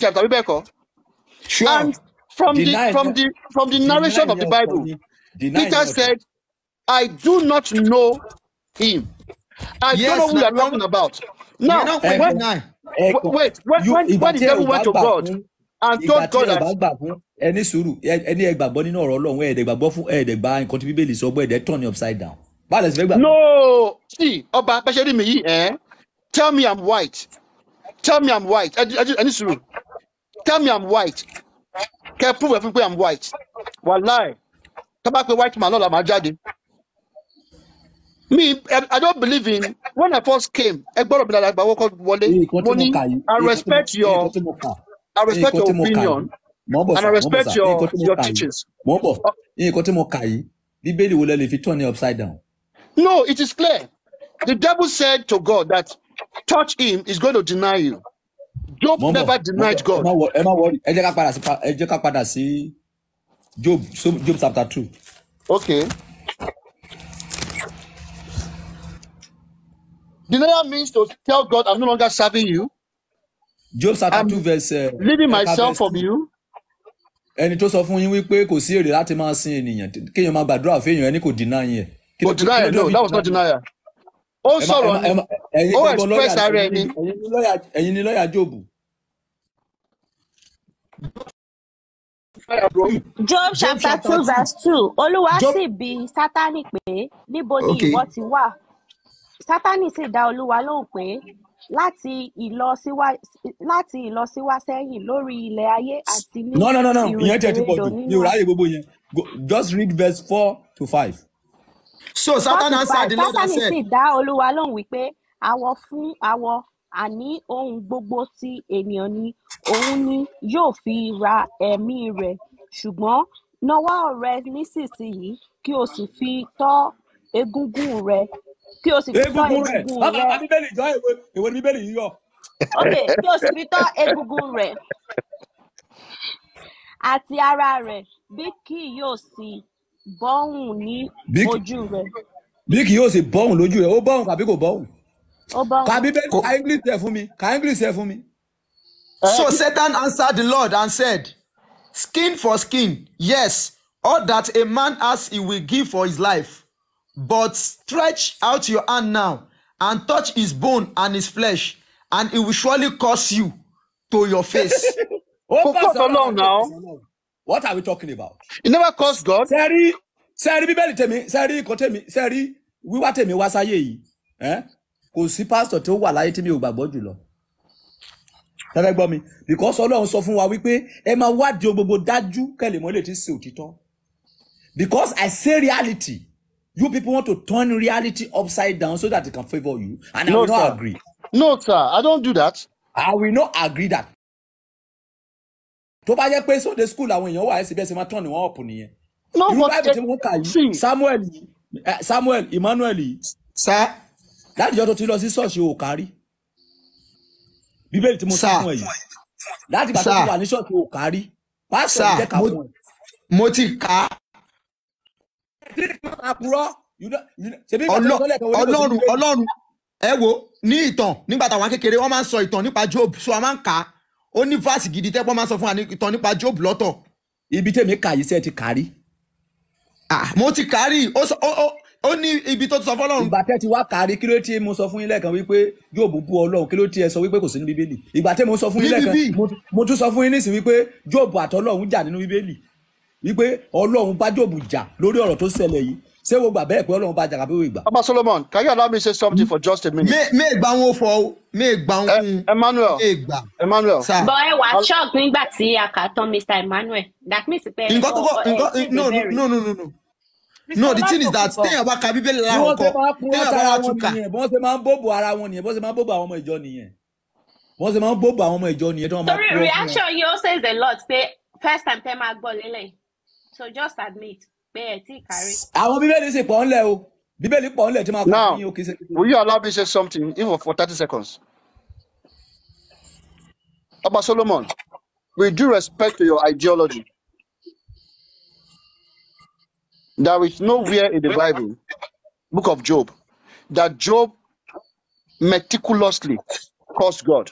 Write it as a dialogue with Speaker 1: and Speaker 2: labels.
Speaker 1: Christian Sure. And from deny, the from the from the narration of the Bible, deny, Peter said, "I do not know him. I yes, don't know who you are wrong. talking about." Now, when, when, wait, when, you, when, when the devil went to God and told God that.
Speaker 2: ẹni sùúrù ẹni ẹ gbàgbọ́ nínú ọ̀rọ̀ Ọlọ́run ẹ̀ẹ́dẹ̀ gbàgbọ́ fún ẹ̀ẹ́dẹ̀ gba nǹkan tí Bíbélì sọ pé ẹ̀ẹ́dẹ̀ turn upside down báyìí lẹ́sìn fẹ́ no
Speaker 1: see ọba bẹ́sẹ̀ rí mi yìí eh? tell me i'm white tell me i'm white ẹni sùúrù tell me i'm white kẹ́ prove ẹ̀ fún pé i'm white wàláì tó bá pe white man náà la máa me i don't believe in when i first came ẹgbọ́n mi lára ìgbà wọ́kọ́ wọlé mo ní i respect your i respect your opinion and i respect your your teachings. mo ń bọ̀ nǹkan tí mo kà yìí bíbélì wo lẹ lè fi turn ní upside down. no it is clear the devil said to God that touch him he is going to deny you. Job Mom, never denied
Speaker 2: God. Ẹ má wọrí ẹ jẹ́ ká padà sí ẹ jẹ́ ká padà sí Job Job chapter two.
Speaker 1: Okay. Denial means to tell God I'm no longer serving you. Job chapter two verse. Uh, leaving myself from you.
Speaker 2: Ẹni tó sọ fún yín wípé kò sí èrè láti máa sin ènìyàn kéèyàn máa gbàdúrà fún èèyàn ẹni kò deny yẹn. Kò deny yẹn no that was not denial. Ó sọ̀rọ̀ ni ó express ara ẹ ni. ẹ̀yin ni lọ́ọ̀yà jòbù.
Speaker 1: Job chapter two verse two Olúwa sì
Speaker 2: bi Sátánì pé níbo ni ìwọ ti wà? Sátánì sì dá Olúwa lóhùn pé láti ìlọsíwá láti ìlọsíwá sẹ́yìn lórí ilẹ̀ ayé àti ní. no no no no ìyẹn tẹ̀ ti pọ̀ jù mi ò ráyè gbogbo yẹn just read verse four to five. so Sátánì answered the Lord and said. sì dá Olúwa lóhùn wípé Awọ fún awọ, àní ohun gbogbo ti ènìyàn ni òun ni yóò fi ra ẹ̀mí rẹ̀, ṣùgbọ́n nawọ́ rẹ nísinsìnyí kí o sì fi tọ́ egungun rẹ. Kí o sì fi tọ́ egungun rẹ. Bàbá Bíbélì jọ ìwé Bíbélì yíyọ. Ok, kí o sì fi tọ́ egungun rẹ̀ àti ara rẹ̀ bí kì yóò sì
Speaker 1: bọ́hùn ní ojú rẹ̀.
Speaker 2: Bí kì yóò sì bọ́hùn lójú rẹ̀, ó bọ́hùn tàbí kò bọ́hùn ka bíbélì ka english ẹ fún mi ka english ẹ fún mi. so satan answered the lord and said skin for skin yes all that a man has he will give for his life but stretch out your hand now and touch his bone and his flesh and he will surely curse you to your face.
Speaker 1: ó bá long now,
Speaker 2: what are we talking about. you never curse God. sẹ́rí sẹ́rí bíbélì tèmi sẹ́rí ikọ̀ tèmi sẹ́rí wíwá tèmi wá sáyé yìí kò sí pásítọ̀ tó wà láyé tí mi ò gbàgbọ́ jùlọ tẹ́lẹ̀ gbọ́ mi because ọlọ́run sọ fún wa wípé ẹ máa wádìí ohun gbogbo dájú kẹ́lẹ̀ lè ti ṣe òtítọ́ because I say reality you people want to turn reality upside down so that it can favour you and no, I will not agree. no sir I don't do that. I will not agree that. tó bá jẹ́ pé Sunday school àwọn èèyàn wà ẹ́ síbẹ̀ ṣe máa tán ni wọ́n ọ̀pù nìyẹn. no but Samuel eh, Samuel Emmanuel sir látijọ́ tó ti lọ sí ṣọ́ọ̀ṣì ò kárí bíbélì tí mo sọ fún ẹ yìí láti gbà tó wà ní ṣọ́ọ̀ṣì ò kárí pásítọ̀ ìjẹ́ ká fún ẹ. mo ti kà ọlọ́run ọlọ́run ẹ wo ní ìtàn nígbà táwọn kékeré wọ́n máa ń sọ ìtàn nípa Job so a máa ń kà á ó ní fásì gidi tẹ́pọ́ máa ń sọ fún ìtàn nípa Job lọ́tọ̀. ibi tèmi kà yìí sẹ́ ti kárí. Ah, mo ti kárí ó sọ ó ní ibi tó ti sọ fọlọ́run. ìgbà tẹ́ ti wá kárí kí ló ti mo sọ fún yín lẹ́ẹ̀kan wípé yóò bú bú ọlọ́run kí ló ti ẹ sọ wípé kò sí ní bíbélì ìgbà tẹ́ mo sọ fún yín lẹ́ẹ̀kan mo tún sọ fún yín nísìnyí wípé Jóòbù àtọlọ́run jà nínú bíbélì wípé ọlọ́run bá Jóòbù jà
Speaker 1: lórí ọ̀rọ̀ tó ṣẹlẹ̀ yìí ṣé wo gbà bẹ́ẹ̀ pé ọlọ́run bá jàkà bíwò ìgbà. Papa Solomon can you allow me say something for just a minute. mi ìgbà wọn fọ o mi ìgbà wọn fún Emmanuel ìgbà. Emmanuel sir. bọ ẹ wá
Speaker 2: church nígbà tí a kà tán Mr. Emmanuel that means pé. nǹkan tó kọ nǹkan no no no no no the thing is that téèyàn bá ka bíbélì láwọn kọ téèyàn bá wá túkà. bọ́n ṣe máa ń bóbò ara wọn nìyẹn bọ́n ṣe máa ń bóbò àwọn ọmọ ìjọ nìyẹn bọ́n ṣe máa ń bóbò àwọn ọmọ ìjọ nìyẹn tí wọ́n máa kú ọkùnrin. reaction yìí ó says a lot pé first time tẹ́ máa gbọ́ lélẹ̀ so just admit pé ẹ̀ tí ì kárí.
Speaker 1: àwọn bíbélì sì pọ̀ ńlẹ̀ o bíbélì pọ̀ ńlẹ̀ tí máa kọ́ ní òkè sẹ́kẹ̀sẹ̀. now will you allow me say something even for thirty seconds? Ọba Solomon, with due respect to your ideology. There is nowhere in the Bible, book of Job, that Job meticulously cursed God.